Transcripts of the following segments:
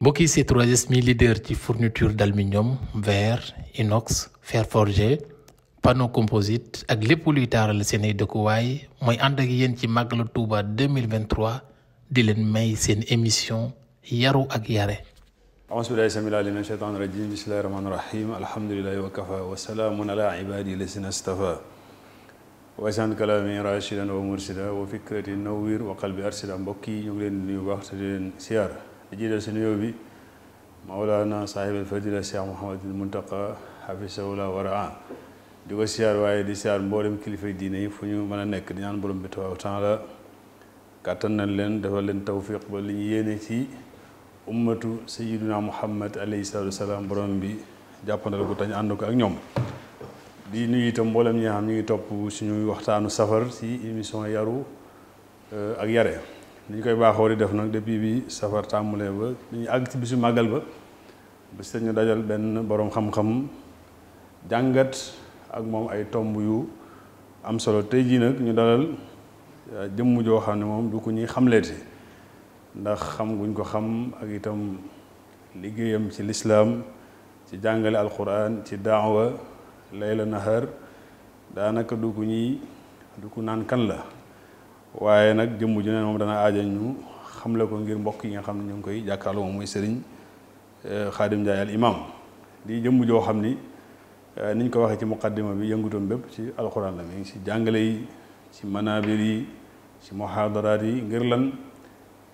mbokki ci 3S mi leader ci fourniture d'aluminium verre inox fer forgé panneau composite ak lépp luy taaral seen ay dëkkuwaay mooy ànd ak yéen ci màggalu Touba 2023 di leen may seen émission yaru ak yare amasbilahi samil ali min sheytaan rajim bismillahi rahmaani rahim alhamdulilahi wa kafa wa salaamun ala ibadi wa mursida wa fikrati nawwir wa qalbi arsida mbokk yi ñu ngi leen nuyu baax te leen siyaar di jiital si nuyoo bi Mawlana saahibal fadila Cheikh Mouhamadul Muntaqa hafisahullah wa raa di ko siyaar waaye di siyaar mboolem kilifa diine yi fu ñu mën a nekk di ñaan borom bi tabaaraka la kàttan nañ leen dafa leen tawfiq ba li ñu yéene ci ummatu sayyiduna muhammad alayhi salaatu wasalaam borom bi jàppandal ko tañ ànd ko ak ñoom di nuyu itam mboolem ñi nga xam ñu ngi topp suñuy waxtaanu safar ci émission yaru euh, ak yare ni ñu koy baaxoo di def nag depuis bi safar tàmbalee ba ñu àgg ci bisu màggal ba bis ñu dajal benn boroom xam-xam jàngat ak moom ay tomb yu am solo tey jii nag ñu dalal euh, jëmm joo xam ne moom du ko ñuy xamleeti ndax xam guñ ko xam ak itam liggéeyam ci lislaam ci jàngale alquran ci daawa layla nahar daanaka du ko ñuy du ko naan kan la waaye nag jëmm ju neen moom dana aaja ñu xamle ko ngir mbokk yi nga xam ne ñu ngi koy jàkkaarloo moom muy sëriñ Xaadim euh, Njaay al imam di jëmm joo xam ni euh, niñ ko waxee ci muqaddima bi yëngutoom bépp ci alxuraan la mi ngi ci jàngale yi ci manabir yi ci muhaadaraat yi ngir lan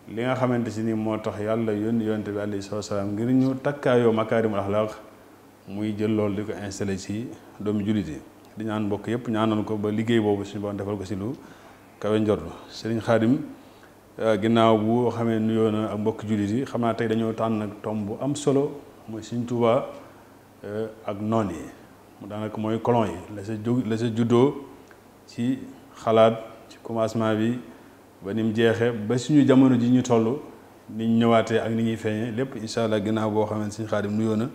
li nga xamante si ni moo tax yàlla yónni yonte bi alayhi salaatu salaam ngir ñu takkaayoo makaarimul axlaaq muy jël loolu di ko installé ci doomu jullit yi di ñaan mbokk yëpp ñaanoon ko ba liggéey boobu suñu borom defal ko si lu kawe njort sëriñ xaadim euh, ginnaaw boo xamee nuyoo na ak mbokki jullit yi xam naa tey dañoo tànn nag tomb bu am solo mooy sëriñ Tuubaa euh, ak noon yi mu daanaka mooy kolon yi la sa ju la sa juddoo ci xalaat ci commencement bi ba ni mu jeexee ba suñu jamono ji ñu toll ni ñëwaatee ak ni ñuy feeñee lépp incha allah ginnaaw boo xamee sëriñ xaadim nuyoo na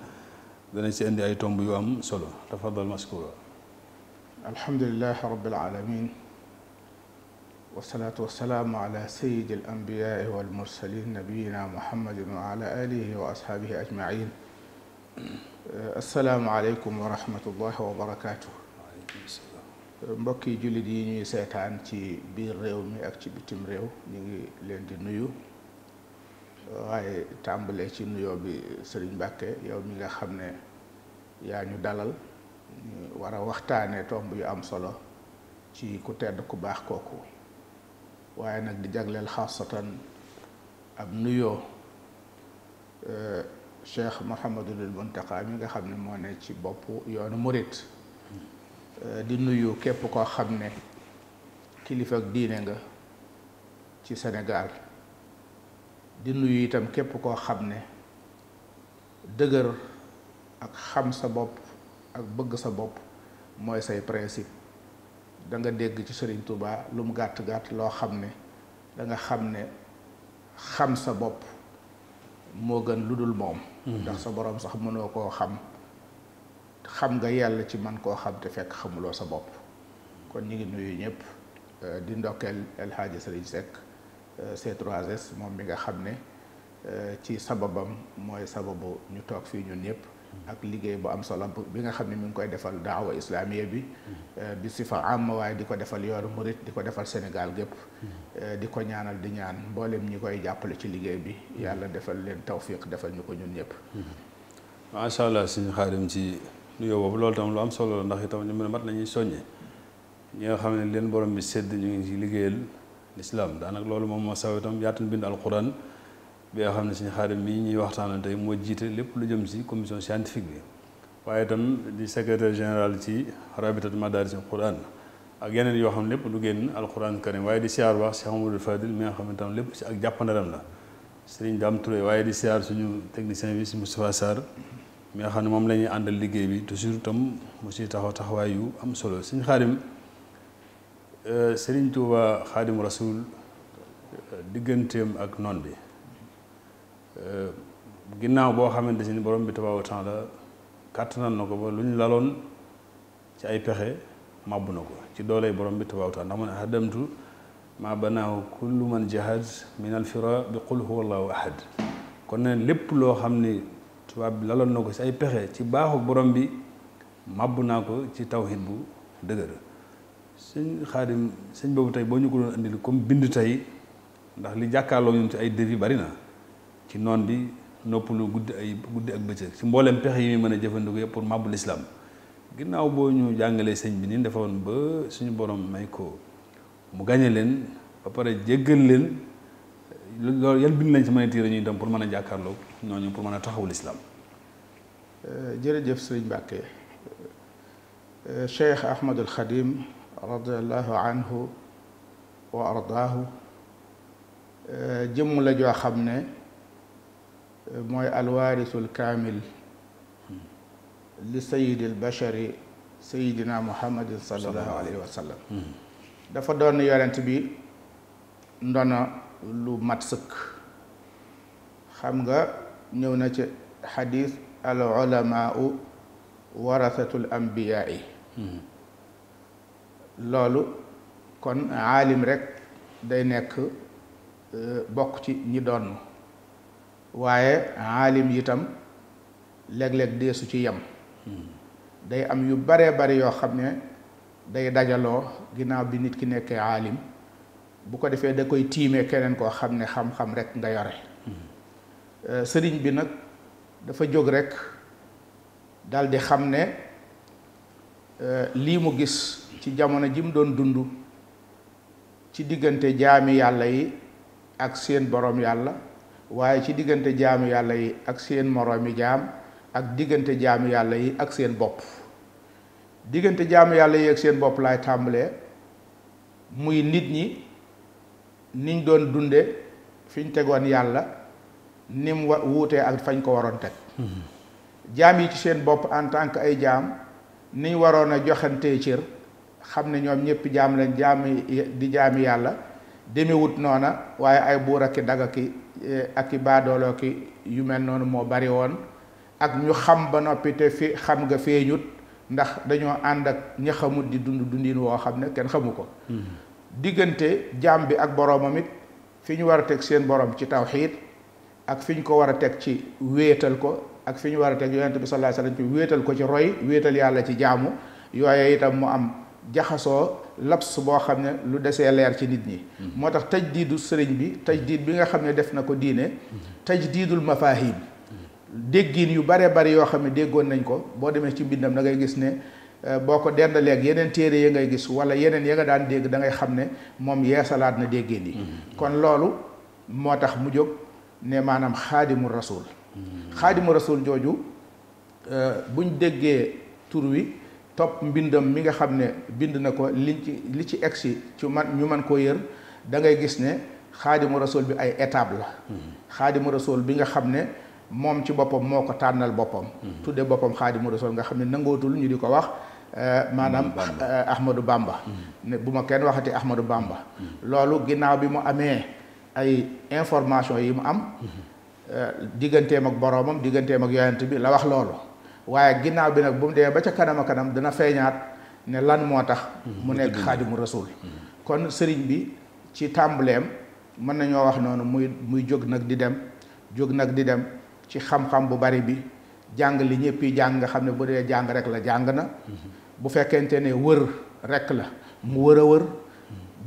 danañ si indi ay tomb yu am solo tafadal maskura alhamdulilah rabbil alamin wasalaatu wasalaamu ala sayidi al ambiyaai wal mursalin nabiyina muhammadin wa ala alihi wa ashaabihi ajmain asalaamu wa rahmatullahi wa barakaatu mbokki jullit yi ñuy seetaan ci biir réew mi ak ci bitim réew ñu ngi leen di nuyu waaye tàmbalee ci nuyoo bi sëriñ Mbàkke yow mi nga xam ne yaa ñu dalal ñu war a waxtaane tomb yu am solo ci ku tedd ku baax kooku waaye nag di jagleel xaasatan ab nuyoo e, cheikh Mouhamadul Muntaqa mi nga xam ne moo ne ci bopp yoonu murit e, di nuyu képp koo xam ne kilifa ak diine nga ci Sénégal di nuyu itam képp koo xam ne dëgër ak xam sa bopp ak bëgg sa bopp mooy say principe danga dégg ci Serigne Touba lu mu gàtt gàtt loo xam ne da nga xam ne xam sa bopp moo gën lu dul moom. Hmm. ndax sa borom sax mënoo koo xam xam nga yàlla ci man koo xam te fekk xamuloo sa bopp kon ñu ngi nuyu ñëpp euh, di ndokkeel El Hadji Serigne Seck euh, C3S moom mi nga xam ne euh, ci sababam mooy sababu ñu toog fii ñun ñëpp. ak liggéey bu am solo bi nga xam ne mu ngi koy defal daawa islamiya bi bi hmm. eh, si fa am waaye di ko defal yoonu murit di ko defal Sénégal gépp hmm. eh, di ko ñaanal di ñaan mboolem ñu koy jàppale ci liggéey bi hmm. yàlla defal leen tawfiq defal ñu ko ñun ñëpp macha allah suñu xaarim ci nuyoo boobu loolu tam lu am solo la ndax itam ñu mën a mat nañuy soññe ñi nga xam ne leen borom bi sedd ñu ngi ci liggéeyal lislaam daanak loolu moom moo saw itam yaatuñ bind alquran bi nga xam ne suñu xaadim mii ñuy waxtaanal tey moo jiite lépp lu jëm si commission scientifique bi waaye itam di secrétaire général ci rabitat madaris quran ak yeneen yoo xam ne lépp du génn al alquran karim waaye di siyaar baax Cheikh Amadou Fadil mi nga xam ne tam lépp si ak jàppandalam la sëriñ Dame Touré waaye di siyaar suñu technicien bi si Moustapha Sarr mi nga xam ne moom la ñuy àndal liggéey bi toujours tam mu si taxaw taxawaay yu am solo suñu xaadim euh, sëriñ Touba xaadim rasul digganteem ak noon bi Euh, ginnaaw boo xamante ni borom bi tabaaraka wa taala kàttanal na ko ba lu ñu laloon ci ay pexe màbbu na ko ci dooley borom bi tabaaraka wa taala ndax mu ne hadamtu maa banaahu kullu man jahad min alfira bi qul huwa allahu ahad kon ne lépp loo xam ni tubaab bi laloon na ko ci ay pexe ci baaxu borom bi màbb naa ko ci tawhid bu dëgër suñ xaadim sëñ boobu tey boo ñu ko doon indil comme bind tey ndax li jàkkaarloo ñun ci ay dérive bari na ci noon bi noppalu guddi ay guddi ak bëccëg ci mbooleem pexe yi muy mën a jëfandikoo yëpp pour màbbu lislaam ginnaaw boo ñu jàngalee sëñ bi ni defoon ba suñu borom may ko mu gañe leen ba pare jéggal leen loolu yan bind lañ ci mën a tiire ñuy dem pour mën a jàkkaarloo ñooñu pour mën a taxawu lislaam euh, jërëjëf sëñ Mbàkke euh, Cheikh Ahmadul Xadim radiallahu anhu wa ardaahu euh, jëmm la xam ne mooy alwaarisul kaamil li sayidil bashari sayidina muhammadin sallallahu alayhi wa dafa doon yonent bi ndono lu mat sëkk xam nga ñëw na ci xadis al ulamaau warasatul ambiyaai loolu kon aalim rekk day nekk euh, bokk ci ñi doon waaye aalim itam léeg-léeg deesu ci yem day am yu baree bari yoo xam ne day dajaloo ginnaaw bi nit ki nekkee aalim bu ko defee da koy tiime keneen koo xam ne xam-xam rek nga yore euh, sëriñ bi nag dafa jóg rek dal di xam ne euh, lii mu gis ci jamono ji mu doon dund ci diggante jaami yàlla yi ak seen borom yàlla waaye ci diggante jaamu yàlla yi ak seen moroomi jaam ak diggante jaamu yàlla yi ak seen bopp diggante jaamu yàlla yi seen bopp laay tàmbalee muy nit ñi niñ doon dunde fiñ tegoon yàlla ni mu wa wuutee ak fañ ko waroon teg jaam yi ci seen bopp en tant que ay jaam niñ waroon a joxantee cër xam ne ñoom ñëpp jaam lañ jaam di jaami yàlla demewut noona waaye ay buur aki daga ki ak i eh, baadooloo ki yu mel noonu moo bari woon ak ñu xam ba noppi te fi xam nga feeñut ndax dañoo ànd ak ña xamut di dund dundin woo xam ne kenn xamu ko mm-hmm. diggante jaam bi ak boroomam it fi ñu war a teg seen borom ci tawxiid ak fi ñu ko war a teg ci wéetal ko ak fi ñu war a teg yonent bi sallallahu alayhi wasallam ci wéetal ko ci roy wéetal yàlla ci jaamu yooye itam mu am jaxasoo laps boo xam ne lu desee leer ci nit ñi mhm. moo tax taj diidu sëriñ bi taj diid bi nga xam ne def na ko diine mhm. taj diidul mafahim mhm. déggin yu bare bari yoo xam ne déggoon nañ ko boo demee ci mbindam da ngay gis ne eh, boo ko dendalee ak yeneen téere ya ngay gis wala yeneen ya nga daan dégg da ngay xam ne moom yee yeesalaat na déggin yi kon loolu moo tax mu jóg ne maanaam xaadimu rasul xaadimu rasul jooju eh, buñ déggee tur wi topp mbindam mi nga xam ne bind na ko li ci li ci egsi ci man ñu man koo yër dangay gis ne xaadimu rasul bi ay étape la mm-hmm. xaadimu rasul bi nga xam ne moom ci boppam moo ko tànnal boppam mm-hmm. tudde boppam xaadimu rasul nga xam ne nangootul ñu di ko wax eh, maanaam Ahmadou bàmba eh, mm-hmm. ne bu ma kenn waxati Ahmadou Bamba loolu ginnaaw bi mu amee ay information yi mu am eh, digganteem ak boroomam digganteem ak yonent bi la wax loolu waaye ginnaaw bi nag bu mu dee ba ca kanam kanam dana feeñaat ne lan moo tax mm-hmm. mu nekk xaadimu rasul mm-hmm. kon sëriñ bi ci tàmbuleem mën nañoo wax noonu muy muy jóg nag di dem jóg nag di dem ci xam-xam bu bari bi jàng li ñëpp yi jàng nga xam ne bu dee jàng rek la jàng na mm-hmm. bu fekkente ne wër rek la mu wër a wër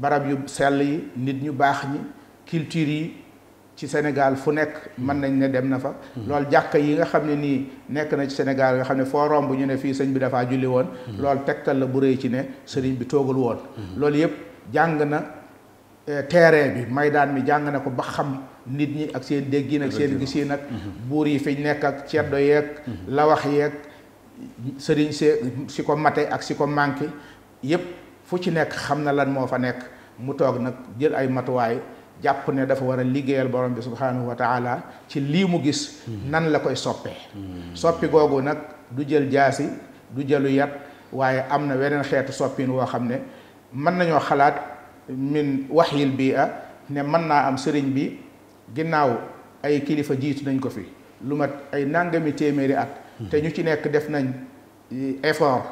barab yu sell yi nit ñu baax ñi culture yi ci Sénégal fu nekk mën nañ ne dem na fa hmm. loolu jàkka yi nga xam ne nii nekk na ci Sénégal nga xam ne foo romb ñu ne fii sëñ bi dafaa julli woon hmm. lool tegtal la bu rëy ci ne sëriñ bi toogul woon hmm. loolu yëpp jàng na eh, terrain bi maydaan mi jàng na ko ba xam nit ñi ak seen déggin ak seen gisiin ak buur yi fiñ nekk ak ceddo yeeg lawax yeeg sëriñ see si ko mate ak si ko manqué yëpp fu ci nekk xam na lan moo fa nekk mu toog nag jël ay matuwaay jàpp ne dafa war a liggéeyal borom bi subhaanahu wa taala ci lii mu gis nan la koy soppee soppi googu nag du jël jaasi du jëlu yat waaye am na weneen xeetu soppin woo xam ne mën nañoo xalaat min waxyil bi a ne mën naa am sëriñ bi ginnaaw ay kilifa jiitu nañ ko fi lu mat ay nàngami téeméeri at te ñu ci nekk def nañ effort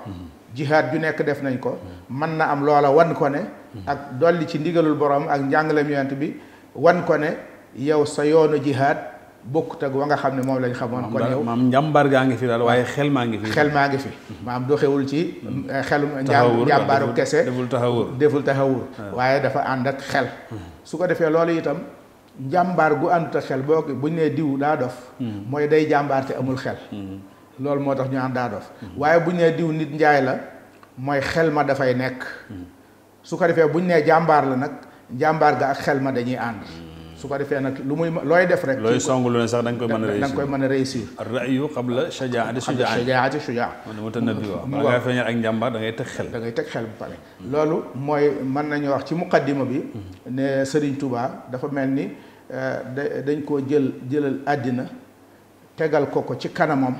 jihaad ju nekk def nañ ko mën na am loola wan ko ne ak dolli ci ndigalul borom ak njàngaleem yonent bi wan ko ne yow sa yoonu jihaad bokkut teg wa nga xam ne moom lañ xamoon kon yow maam njàmbaar gaa ngi fi daal waaye xel maa ngi fi xel maa ngi fi maam doxewul ci eh, xelum njàmbaaru kese deful taxawur deful taxawur ah. waaye dafa ànd ak xel su ko defee loolu itam njàmbaar gu àndut ak xel boo buñ nee diw daa dof hmm. mooy day jàmbaar te amul xel hmm. loolu moo tax ñu naan daa dof waaye bu ñu nee diw nit njaay la mooy xel ma dafay nekk su ko defee bu ñu nee jàmbaar la nag jàmbaar ga ak xel ma dañuy ànd su ko defee nag lu muy ma looy def rek. looy song lu ne sax da nga koy mën a réussir da nga koy mën a réussir. ra'yu qabla shajaa'ati shujaa. shajaa'ati shujaa. mutanabbi waaw bala ngaa feeñal ak njàmbaar da ngay teg xel. da ngay teg xel bu pare. loolu mooy mën nañu wax ci muqaddima bi. ne Serigne tubaa dafa mel ni euh, dañ koo jël jëlal àddina. tegal ko ko ci kanamam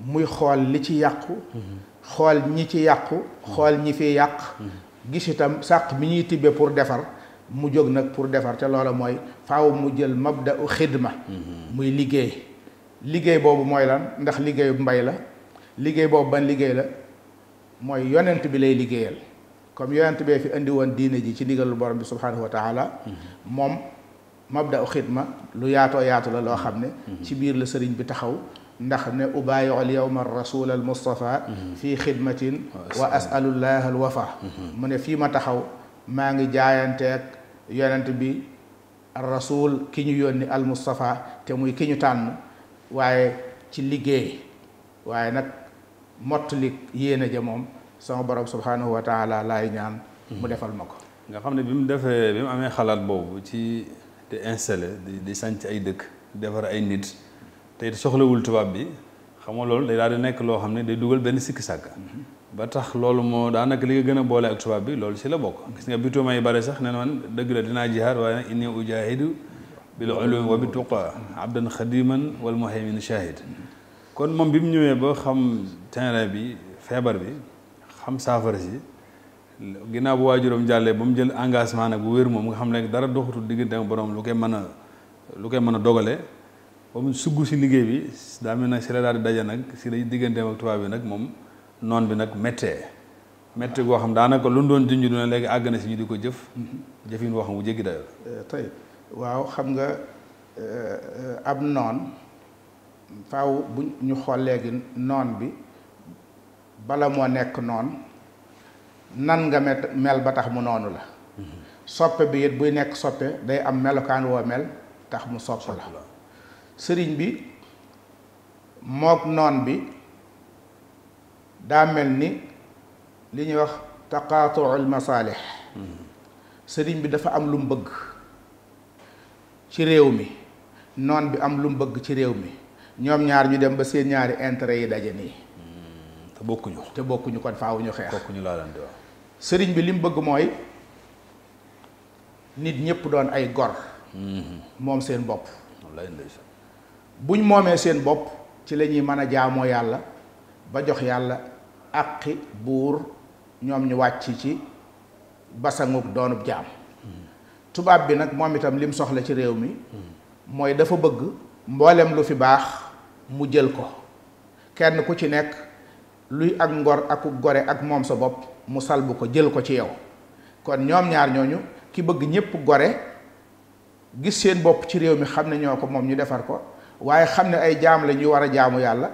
muy xool li ci yàqu xool ñi ci yàqu xool ñi fi yàq gis itam sàq bi ñuy tibbee pour defar mu jóg nag pour defar te loola mooy faw mu jël mabda u xidma muy liggéey liggéey boobu mooy lan ndax liggéeyu mbay la liggéey boobu ban liggéey la mooy yonent bi lay liggéeyal comme yonent bee fi indi woon diine ji ci ndigalu borom bi subhanahu wa moom mabda u xidma lu yaatoo yaatu la loo xam ne mhm. ci biir la sëriñ bi taxaw ndax ne ubaayiu al yawma rasul al mustafa mhm. fii xidmatin wa asalullah al mhm. ne fii ma taxaw maa ngi jaayanteeg yonent bi rasul ki ñu yónni al te muy ki ñu tànn waaye ci liggéey waaye nag mottali yéene ja moom sama borom subhanahu wa taala ñaan mu defal ma ko nga xam ne bi mu defee bi mu amee xalaat boobu te installé di di sanc ay dëkk defar ay nit te soxlawul tubaab bi xam nga loolu day daal di nekk loo xam ne day dugal benn sikki sàkka ba tax loolu moo daanaka li nga gën a boole ak tubaab bi loolu si la bokk gis nga bituma yi bare sax ne man dëgg la dinaa jihaad waaye nag inni ujahidu bil ulum wa bi tuqa abdan xadiman wal muhaymin shahid kon moom bi mu ñëwee ba xam terrain bi feebar bi xam saafara si ginnaaw bu waajuram jàllee ba mu jël engagement nag bu wér moom nga xam ne dara doxatul diggante ak borom lu koy mën a lu koy mën a dogale ba mu sugg si liggéey bi daa mel nag si la daal di daje nag si la digganteem ak tubaab bi nag moom noon bi nag méttee méttee goo xam daanaka lu doon junj du léegi àgg na si di ko jëf jëfin woo xam bu jéggi dayoo waaw xam nga euh, ab noon faw bu ñu xool léegi noon bi bala moo nekk noon nan nga mel ba tax mu noonu la soppe bi it buy nekk soppe day am melokaan woo mel tax mu sopp la sëriñ bi mook noon bi daa mel ni li ñuy wax taqaatuul masaalix sëriñ bi dafa am lu mu bëgg ci réew mi noon bi am lu mu bëgg ci réew mi ñoom ñaar ñu dem ba seen ñaari intérêt yi daje nii bokkuñu te bokkuñu kon faaw ñu xeex bokkuñu laa sëriñ bi li bëgg mooy nit ñëpp doon ay gor mhm. moom seen bopp buñ moomee seen bopp ci la ñuy mën a jaamoo yàlla ba jox yàlla àqi buur ñoom ñu wàcc ci basanguk doonub jaam mhm. tubaab bi nag moom itam lim soxla ci réew mi mhm. mooy dafa bëgg mboolem lu fi baax mu jël ko kenn ku ci nekk luy ak ngor aku gore ak moom sa bopp mu salbu ko jël ko ci yow kon ñoom ñaar ñooñu ki bëgg ñépp gore gis seen bopp ci réew mi xam ne ñoo ko moom ñu defar ko waaye xam ne ay jaam lañuy war a jaamu yàlla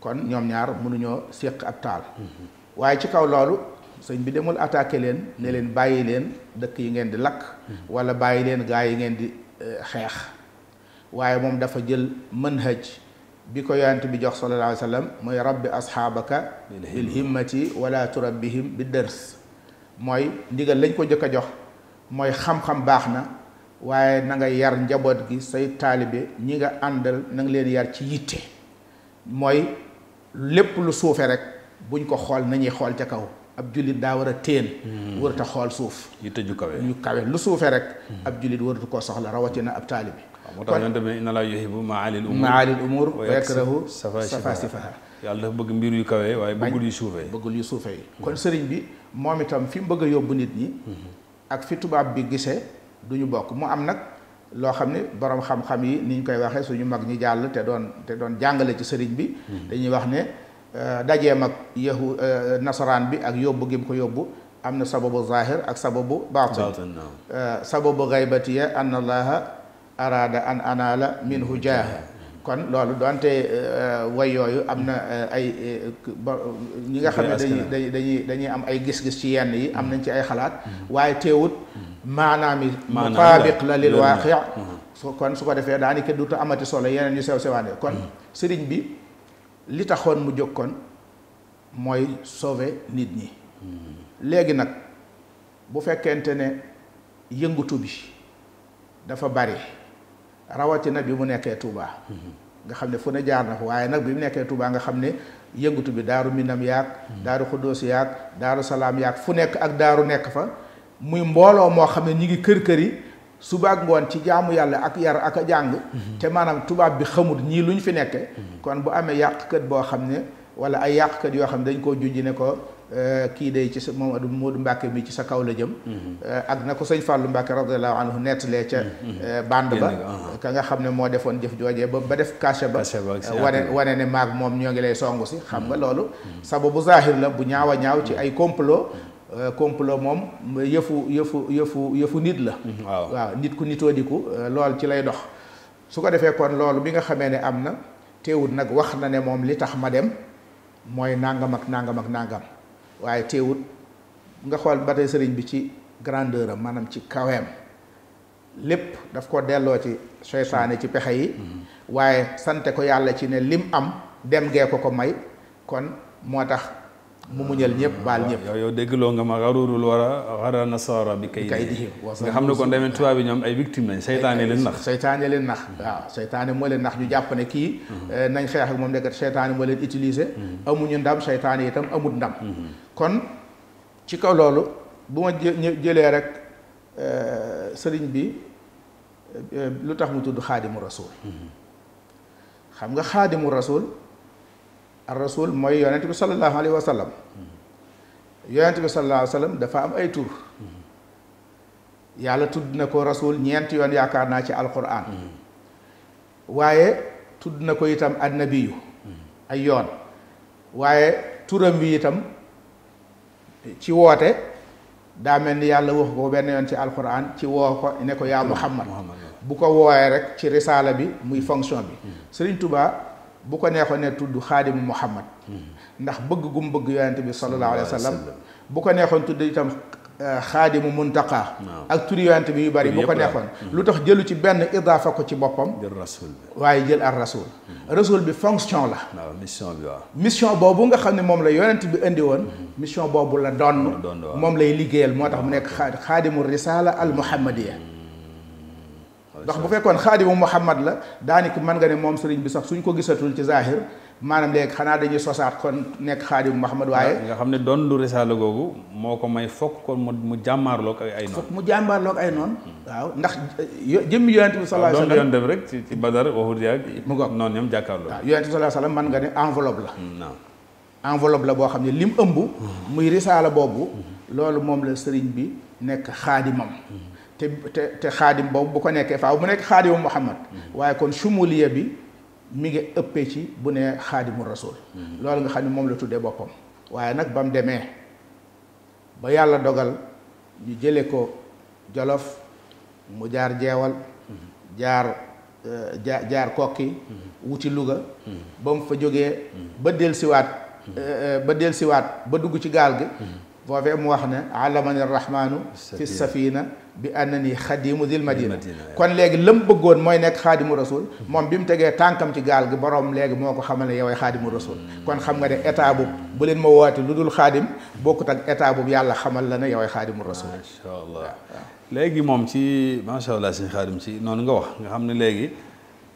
kon ñoom ñaar mënuñoo séq ab taal mhm. waaye ci kaw loolu sëñ bi demul attaqué leen ne leen bàyyi leen dëkk yi ngeen di lakk mhm. wala bàyyi leen gaa yi ngeen di eh, xeex waaye moom dafa jël mën manhaj bi ko yonent bi jox sallallahu alayhi wa mooy rabbi asxaabaka lil himmati wala turabbihim bi dërs mooy ndigal lañ ko jëkk a jox mooy xam-xam baax na waaye na nga yar njaboot gi say taalibe ñi nga àndal na nga leen yar ci yitte mooy lépp lu suufe rek buñ ko xool nañuy xool ca kaw ab jullit daa war a téen hmm. warut xool suuf yitte ju kawe ñu kawe lu suufe rek hmm. ab jullit waratu koo soxla rawatina ab taalibe moo tax yonent bi inna laa yuhibbu ma'aalil umuur ma'aalil umuur wa yakrahu safaasifahaa yàlla dafa bëgg mbir yu kawee waaye bëggul yu suufee bëggul yu suufee yi kon sëriñ bi moom itam fi mu bëgg yóbbu nit ñi ak fi tubaab bi gisee du ñu bokk mu am nag loo xam ne boroom xam-xam yi ni ñu koy waxee suñu mag ñi jàll te doon te doon jàngale ci sëriñ bi hmm. dañuy wax ne euh, dajeem ak yahu euh, nasaraan bi ak yóbbu gi mu ko yóbbu am na sababu zahir ak sababu baatin euh, sababu gaybatiya araada an anaala minhu jaaha kon loolu doonte euh, way yooyu am na euh, ay euh, ñi nga xam ne dañuy am ay gis-gis ci yenn yi am mm. nañ ci ay xalaat mm. waaye teewut maanaam yi mutaabiq la lil waaqi mm. kon su ko defee daanaka du amati solo yeneen ñu sew sewaane kon sëriñ bi li taxoon mu jóg kon mooy sauver nit ñi léegi nag bu fekkente ne yëngutu bi dafa bari rawatina bi mu nekkee Touba. nga xam ne fu ne jaar na fa waaye nag bi mu nekkee Touba nga xam ne yëngatu bi daaru Minam yaag. daaru Xuddoos yaag daaru Salaam yaag fu nekk ak daaru nekk fa. muy mbooloo moo xam ne ñi ngi kër kër yi suba ak ngoon ci jaamu yàlla ak yar ak a jàng. te maanaam tubaab bi xamul ñii lu ñu fi nekke kon bu amee yàqkat boo xam ne wala ay yàqkat yoo xam ne dañ koo junj ne ko. Euh, kii day ci sa moom Moodu Mbàkke mi ci sa kaw la jëm mhm. euh, ak na ko sëñ Fàllu Mbàkke radiyallahu anhu nettalee ca mhm. euh, bande ba ka nga xam ne moo defoon jëf joojee ba ba def cachet ba wane wane ne maag moom ñoo ngi lay songu si xam nga mhm. loolu sababu zahir la bu ñaaw a ñaaw ci ay complot complot moom yëfu yëfu yëfu nit la waaw nit ku nitoo lool ci lay dox su ko defee loolu bi nga xamee ne am na teewul nag wax na ne moom li tax ma dem mooy nangam ak nangam ak nangam waaye teewut nga xool ba tey sëriñ bi ci grandeur am maanaam ci kaweem lépp daf ko delloo ci seytaane ci pexe yi mm-hmm. waaye sante ko yàlla ci ne lim am dem gee ko ko may kon moo tax mu muñal ñëpp baal mm-hmm. ñëpp yow yow déggloo nga ma xarurul wara xara nasara bi kay di nga xam ne ko demee tubaab bi ñoom ay victime lañ seytaane leen nax seytaane leen nax mm-hmm. waaw seytaane moo leen nax ñu jàpp ne kii eh, nañ xeex ak moom nekkat moo leen utiliser amuñu ndam seytaane itam amut ndam kon ci kaw loolu bu ma jëlee rek euh, sëriñ bi euh, lu tax mu tudd xaadimu rasul mm-hmm. xam nga xaadimu rasul ar rasul mooy yonent bi sallallahu alayhi wa sallam mm-hmm. bi sallallahu alayhi dafa am ay tur mm-hmm. yàlla tudd na ko rasul ñeenti yoon yaakaar naa ci alquran waaye tudd na ko itam annabiyu ay yoon waaye turam bi itam ci woote daa mel ni yàlla wax ko benn yoon ci alquran ci woo ko ne ko yaa muhammad bu ko woowee rek ci risaala bi muy fonction bi sëriñ tubaa bu ko neexoon ne tudd xaadimu muhammad hmm. ndax bëgg gum bëgg yonent bi sallallahu alayhi wa sallam bu ko neexoon tudd itam xaadimu muntaqaa ak turi yonent bi yu bari bu ko neexoon hmm. lu tax jëlu ci benn idaafa ko ci boppam waaye jël ar rasul hmm. rasul bi fonction la mission bi waaw mission boobu nga xam ne moom la yonent bi indi woon mission boobu la donn moom lay liggéeyal moo tax mu nekk xaadimu risala al muhammadiya hmm. ndox bu fekkoon xaadimu muhammad la daanaka mën nga ne moom sëriñ bi sax suñ ko gisatul ci zahir maanaam léegi xanaa dañuy sosaat kon nekk xaadim Muhammad waaye nga xam ne doon du risaala googu moo ko may fokk kon mu jàmmaarloog ak ay noon mu jàmmaarloog ay noon waaw ndax jëmmi yonent bi sallallahu alayhi wasallam doon yonent rek ci Badar Uhud yaag mu ngoog noonu ñoom jàkkaarloo waaw man nga ne enveloppe la mm, waaw enveloppe la boo xam ne lim ëmb muy risaala boobu mm-hmm. loolu moom la sëriñ bi nekk xaadimam mm-hmm. te te te xaadim boobu bu ko nekkee faaw mu nekk xaadimu Muhammad mm-hmm. waaye kon sumuliya bi mi ngi ëppee ci bu ne xaadimu rasul loolu nga xam ne moom la tuddee boppam waaye nag ba mu demee ba yàlla dogal ñu jële ko jolof mu jaar jeewal jaar eh, jaar jaar kokki wuti Louga ba mu fa jógee ba dellusiwaat eh, eh, ba delsiwaat ba dugg ci gaal gi boobee mu wax ne alamani rahmaanu fi safina bi annani xadimu dil madina kon léegi lëm bëggoon mooy nekk xaadimu rasul moom bi mu tegee tànkam ci gaal gi borom léegi moo ko xamal ne yoway xaadimu rasul mm. kon xam nga ne état bu bu leen ma woote lu dul xaadim bokkut ak état bu yàlla xamal la ne yoway xaadimu rasul léegi moom ci macha allah sëñ xaadim ci noonu nga wax nga xam ne léegi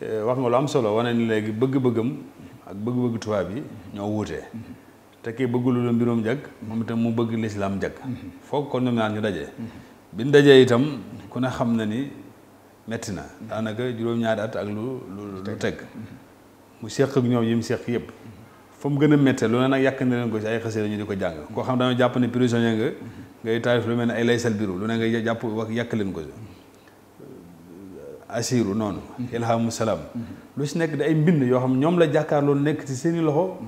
eh, wax nga lu am solo wane ni léegi bëgg-bëggam ak bëgg-bëgg tubaab yi ñoo wuutee mm-hmm. te kii bëggul lu mbirum njëkk moom itam mu bëgg lislaam njëkk foog kon ñoom ñaar daje. bi ñu itam ku ne xam na ni metti na daanaka juróom-ñaari at ak lu lu lu teg mu seq ak ñoom yi mu seq yëpp fa mu gën a méttee lu ne nag yàkk na leen ko ci ay xasee ñu di ko jàng koo xam dañoo jàpp ne prisonnier nga ngay taarif lu mel ne ay laysal biru lu ne ngay jàpp wax yàq leen ko ci asiru noonu mm-hmm. ilhamu salaam lu si nekk di ay mbind yoo xam ñoom la jàkkaarloo nekk ci seeni loxo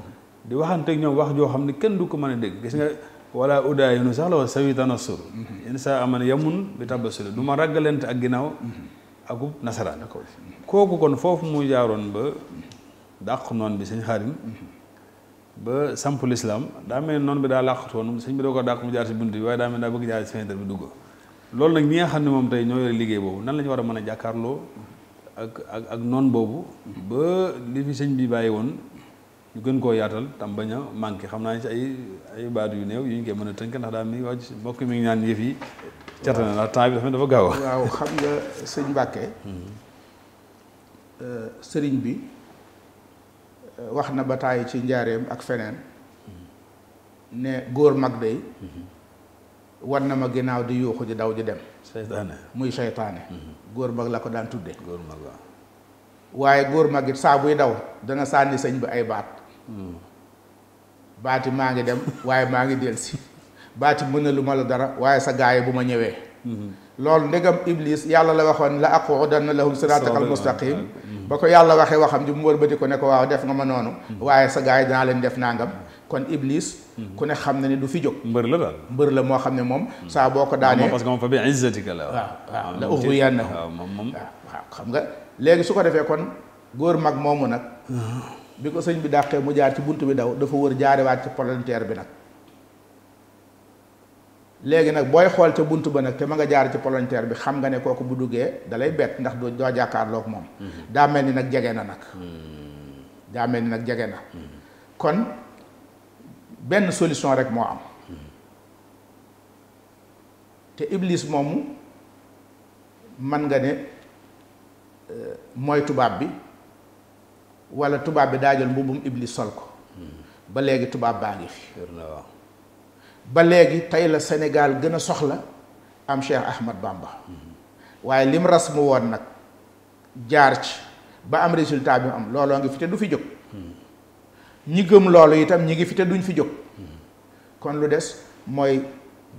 di waxanteeg ñoom wax joo xam ne kenn du ko mën a dégg gis nga wala udaayinu sax la wala sawi tanassur sa aman yamun bi tabasul du ma raggalante ak ginnaaw akub nasaraan kooku kon foofu mu jaaroon ba dàq noon bi sëñ xaarim ba samp lislaam daa mel noon bi daa làqatu woon sëñ bi doo ko dàq mu jaar si bunt bi waaye daa mel daa bëgg jaar si fenêtre bi dugg loolu nag ñi nga xam ne moom tey ñoo yore liggéey boobu nan la war a mën a jàkkaarloo ak noon boobu ba li fi sëñ bàyyi woon ñu gën koo yaatal tam bañ a manqué xam naa ci ay ay baat yu néew yu ñu koy mën a tënk ndax daal mi wàcc mbokk mi ngi ñaan yëf yi certe na ndax temps bi dafa gaaw waaw xam nga sëñ Mbàkke hmm. euh, sëriñ bi euh, wax na ba tàyyi ci njaareem ak feneen hmm. ne góor mag day hmm. war na ma ginnaaw di yuuxu di daw di dem seytaane muy seytaane góor mag la ko daan tudde góor mag waaw waaye góor mag it saa buy daw dana sànni sañ bi ay baat hmm. baati maa ngi dem waaye maa ngi dellusi baati mënaluma la dara waaye sa gaay bu ma ñëwee hmm. loolu ndegam iblis yàlla la waxoon la aqudanna lahum siraatakal mustaqim hmm. ba ko yàlla waxee waxam ji mu wëlbati ko ne def nga ma noonu waaye sa gaay danaa def nangam kon iblis ku ne xam na ne du fi jóg mbër la daal mbër la moo xam ne moom saa boo ko daanee parce que la waaw waaw la uxriyannahu waaw moom xam nga léegi su ko defee kon góor mag moomu nag bi ko sëñ bi dàqee mu jaar ci bunt bi daw dafa wër jaariwaat ci polonteer bi nag léegi nag booy xool ca bunt ba nag te ma nga jaar ci polonteer bi xam nga ne kooku bu duggee dalay bett ndax doo doo jàkkaarloog moom mm-hmm. daa mel ni nag jege na nag mm-hmm. daa ni nag jege na mm-hmm. kon benn solution rek moo am te iblis moomu man nga ne mooy tubaab bi wala tubaab bi daa jël mbubbum iblis sol ko ba léegi tubaab baa ngi fi ba léegi tey la Sénégal gën a soxla am Cheikh Ahmad Bamba waaye lim ras mu woon nag jaar ci ba am résultat bi am looloo ngi fi te du fi jóg ñi gëm loolu itam ñi ngi fi te duñ fi jóg kon lu des mooy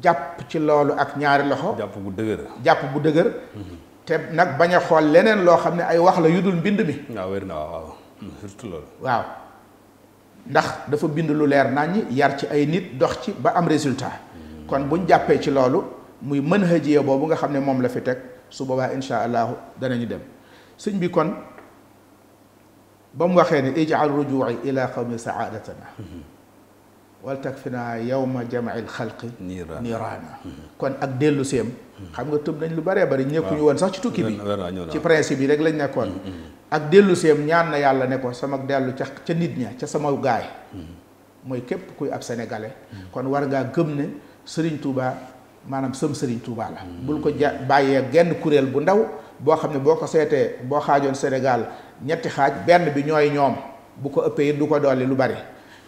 jàpp ci loolu ak ñaari loxo jàpp bu dëgër jàpp bu dëgër te nag bañ a xool leneen loo xam ne ay wax la yu dul mbind mi. waaw wér na waaw hmm, surtout loolu. waaw ndax dafa bind lu leer naññ yar ci ay nit dox ci ba am résultat. kon buñ jàppee ci loolu muy mën hëjiye boobu nga xam ne moom la fi teg su boobaa insha allahu danañu dem sëñ bi kon ba mu waxee ne ijaal rujuuci ila qawmi saadatana hmm. wal takfina yawma jamail xalqi niiraana mhm. kon ak dellu seem mhm. xam nga tëb nañ lu bëree bëri nekkuñu woon sax ci tukki bi ci principe yi rek lañ nekkoon mhm, ak dellu seem ñaan na yàlla ne sama dellu ca ca nit ña ca sama gaay mooy képp kuy ab sénégalais kon war ngaa gëm ne sëriñ tuubaa maanaam sëm sëriñ Touba la bul ko ja bàyyee genn kuréel bu ndaw boo xam ne boo ko seetee boo xaajoon Sénégal ñetti xaaj benn bi ñooy ñoom bu ko ëppee it du ko dolli lu bari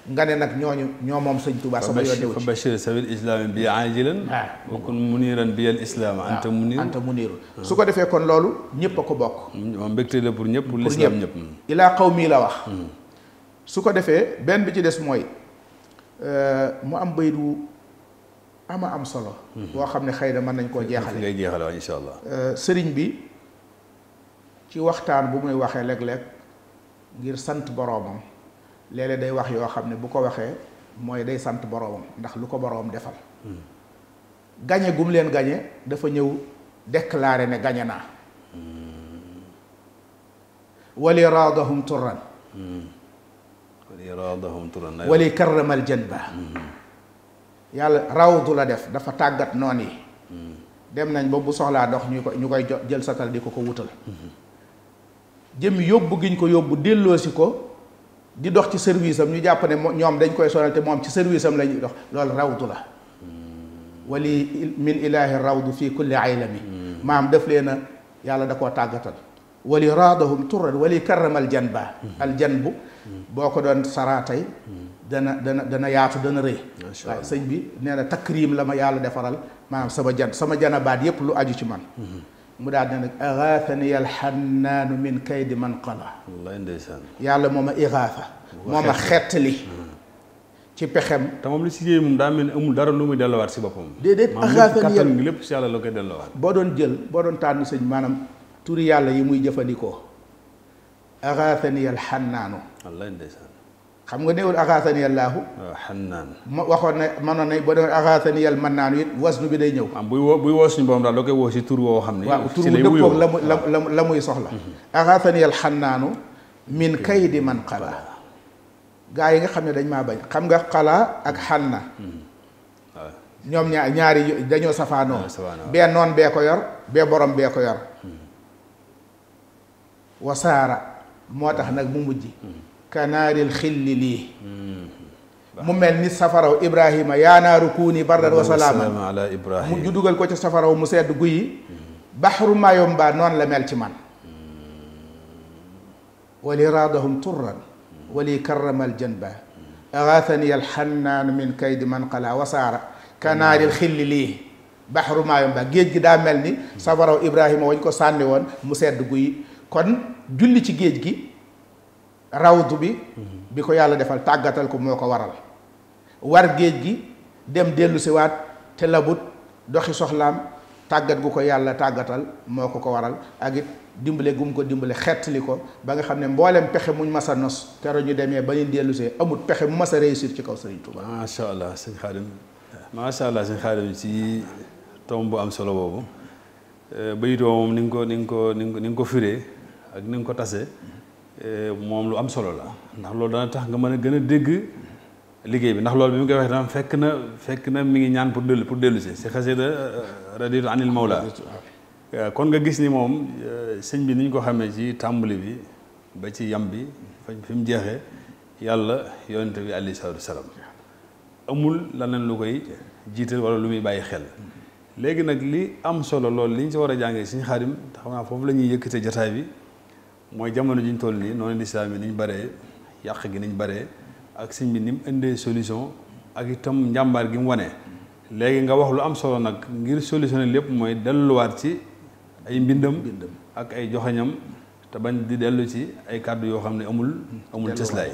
nga ne nag ñooñu ñoo moom sëñ Tuubaa sama yoon newu ci fa bashir sabil islaami bi aajilan wa kun muniran bi al islaam anta munir anta munir su ko defee kon loolu ñëpp a ko bokk moom mbégte la pour ñëpp pour lislaam ñëpp ilaa xaw mii la wax hmm. su ko defee benn bi ci des mooy euh, mu am bayit wu ama am solo hmm. boo xam ne xëy na mën nañ koo jeexale ngay jeexale waaw insha allah euh, sëriñ bi ci waxtaan bu muy waxee léeg-léeg ngir sant boroomam léeg day wax yoo xam ne bu ko waxee mooy day sant boroomam ndax lu ko boroom defal gañe gum leen gañe dafa ñëw déclaré ne gañe naa wali raadahum turan wali raadahum turan wali karramal janba yàlla rawdu def dafa tàggat noon yi dem nañ ba bu soxlaa dox ñu ko ñu koy jël satal di ko ko wutal mm-hmm. jëm yóbbu giñ ko yóbbu delloosi ko di dox ci service am ñu jàpp ne ñoom dañ koy sonal te moom ci service am la ñuy dox loolu rawdu la wali min ilahi rawdu fi kulli aylami maam def leen a yàlla da koo tàggatal wali raadahum jan wali al jan bu boo ko doon saraatay dana dana dana yaatu dana rëy waaye sëñ bi nee na takrim la ma yàlla defaral maanaam sama jan sama jana baat yépp lu aju ci man mu daal di nag iraafani alxannaanu min kaydi man qala wallaay ndeysaan yàlla moo ma iraafa moo ma ci pexem te moom li si yéey moom daa mel ni amul dara lu muy dellowaat si boppam déedéet iraafani ngi lépp si yàlla la koy delluwaat boo doon jël boo doon tànn sëñ maanaam turi yàlla yi muy jëfandikoo iraafani alxannaanu wallaay ndeysaan xam nga néewul axaasani xam ah, xannaan ma waxoon na manoon na boo demee axaasani yàll man naanu it wasnu bi day ñëw am ah, buy woo buy woo suñu borom daal da koy woo si tur woo xam ne waaw tur wu la mu la la la muy soxla mhm. axaasani yàll xannaanu min kaydi man xala gaa yi nga xam ne dañ maa bañ xam nga xalaa ak xanna mhm. ah. ñoom ñaar ñaari dañoo safaanoo bee noon bee ko yor bee borom bee ko yor mhm. wasaara moo tax nag mu mujj kanaaril xilli lii hmm. mu mel ni safaraw ibrahima yaanaaru kuuni bardan wa salaaman ala ibrahima mu ju dugal ko ca safaraw mu sedd guyi hmm. baxru mayomba noonu la mel ci man hmm. wali raadahum turran wali karrama aljanba agathani alxannaan min kaydi man qala wasaara kanaaril xilli lii baxru maayomba géej gi daa mel ni safaraw ibrahima wañ ko sànni woon mu sedd guyi kon julli ci géej gi rawdu bi bi ko yàlla defal tàggatal ko moo ko waral war géej gi dem dellu siwaat te labut doxi soxlaam tàggat gu ko yàlla tàggatal moo ko ko waral ak it dimbale gum ko dimbale xettali ko ba nga xam ne mboolem pexe muñ mas a nos kero ñu demee ba ñu dellusee amul pexe mu mas a ci kaw Sëriñ Tuuba macha allah sëñ Xaadim macha allah sëñ Xaadim ci tomb bu am solo boobu eh, bayitoo moom ni nga ko ni nga ko ni nga ko firee ak ni nga ko tasee Euh, moom lu am solo la ndax loolu dana tax nga mën a gën a dégg liggéey bi ndax lool bi mu koy waxee tam fekk na fekk na mi ngi ñaan pour dellu pour dellu si si xasida euh, raditu anil mawla euh, kon nga gis ni moom sëñ bi ni ñu ko xamee ci tàmbali bi ba ci yam bi fi mu jeexee yàlla yonent bi alayhi salaatu wasalaam amul leneen lu koy jiital wala lu muy bàyyi xel léegi nag li am solo lool li ñu si war a jàngee suñu xaadim te xam naa foofu la ñuy yëkkate jataay bi mooy jamono ji ñu toll nii noonu lislaam yi ni ñu baree yàq gi ni ñu ak sëñ bi ni mu indee solution ak itam njàmbaar gi mu wane. léegi nga wax lu am solo nag ngir solution lépp mooy delluwaat ci ay mbindam ak ay joxañam te bañ di dellu ci ay kàddu yoo xam ne amul amul cëslaay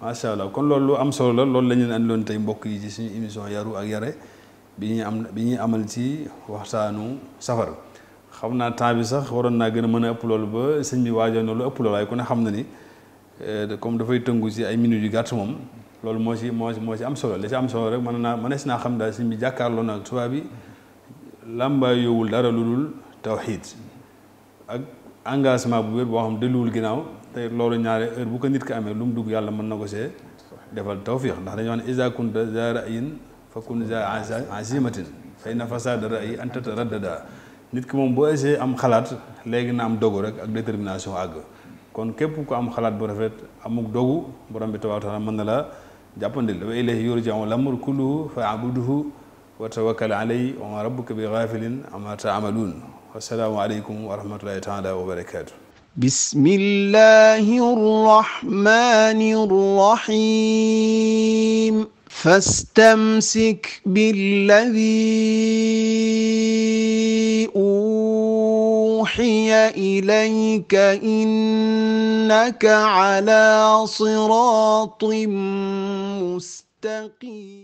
macha allah kon lool lu am solo la loolu la ñu andiloon tey mbokk yi ci suñu émission yaru ak yare bi ñuy am bi ñuy amal ci waxtaanu safar xam naa temps bi sax waroon naa gën a mën a ëpp loolu ba sëñ bi waajoon na lu ëpp loolu waaye ku ne xam na ni eh, comme dafay tëngu si ay minutes yu gàtt moom loolu moo si moo moo si am solo li si am solo rek mën naa mënees naa xam daal sëñ bi jàkkaarloo na ak tubaab bi làmbaay yowul dara lu dul tawxiid ak engagement bu wér boo xam delluwul ginnaaw te loolu ñaare heure bu ko nit ki amee lu mu dugg yàlla mën na ko see defal tawfiix ndax dañoo wax ne iza kunta za ra'yin fa kun za azimatin fa inna fasada ra'yi an tataraddada nit ki moom boo essayé am xalaat léegi na am dogu rek ak détermination àgg kon képp ku am xalaat bu amuk dogu borom bi tabaaraka taala mën na la jàppandil wa ilayhi yurja'u l-amru kulluhu fa'buduhu wa tawakkal alayhi wa ma rabbuka bi ghafilin amma ta'malun wassalaamu aleykum wa rahmatullahi taala wa barakaatu bismillahi rahmani rahim فاستمسك بالذي اوحي اليك انك على صراط مستقيم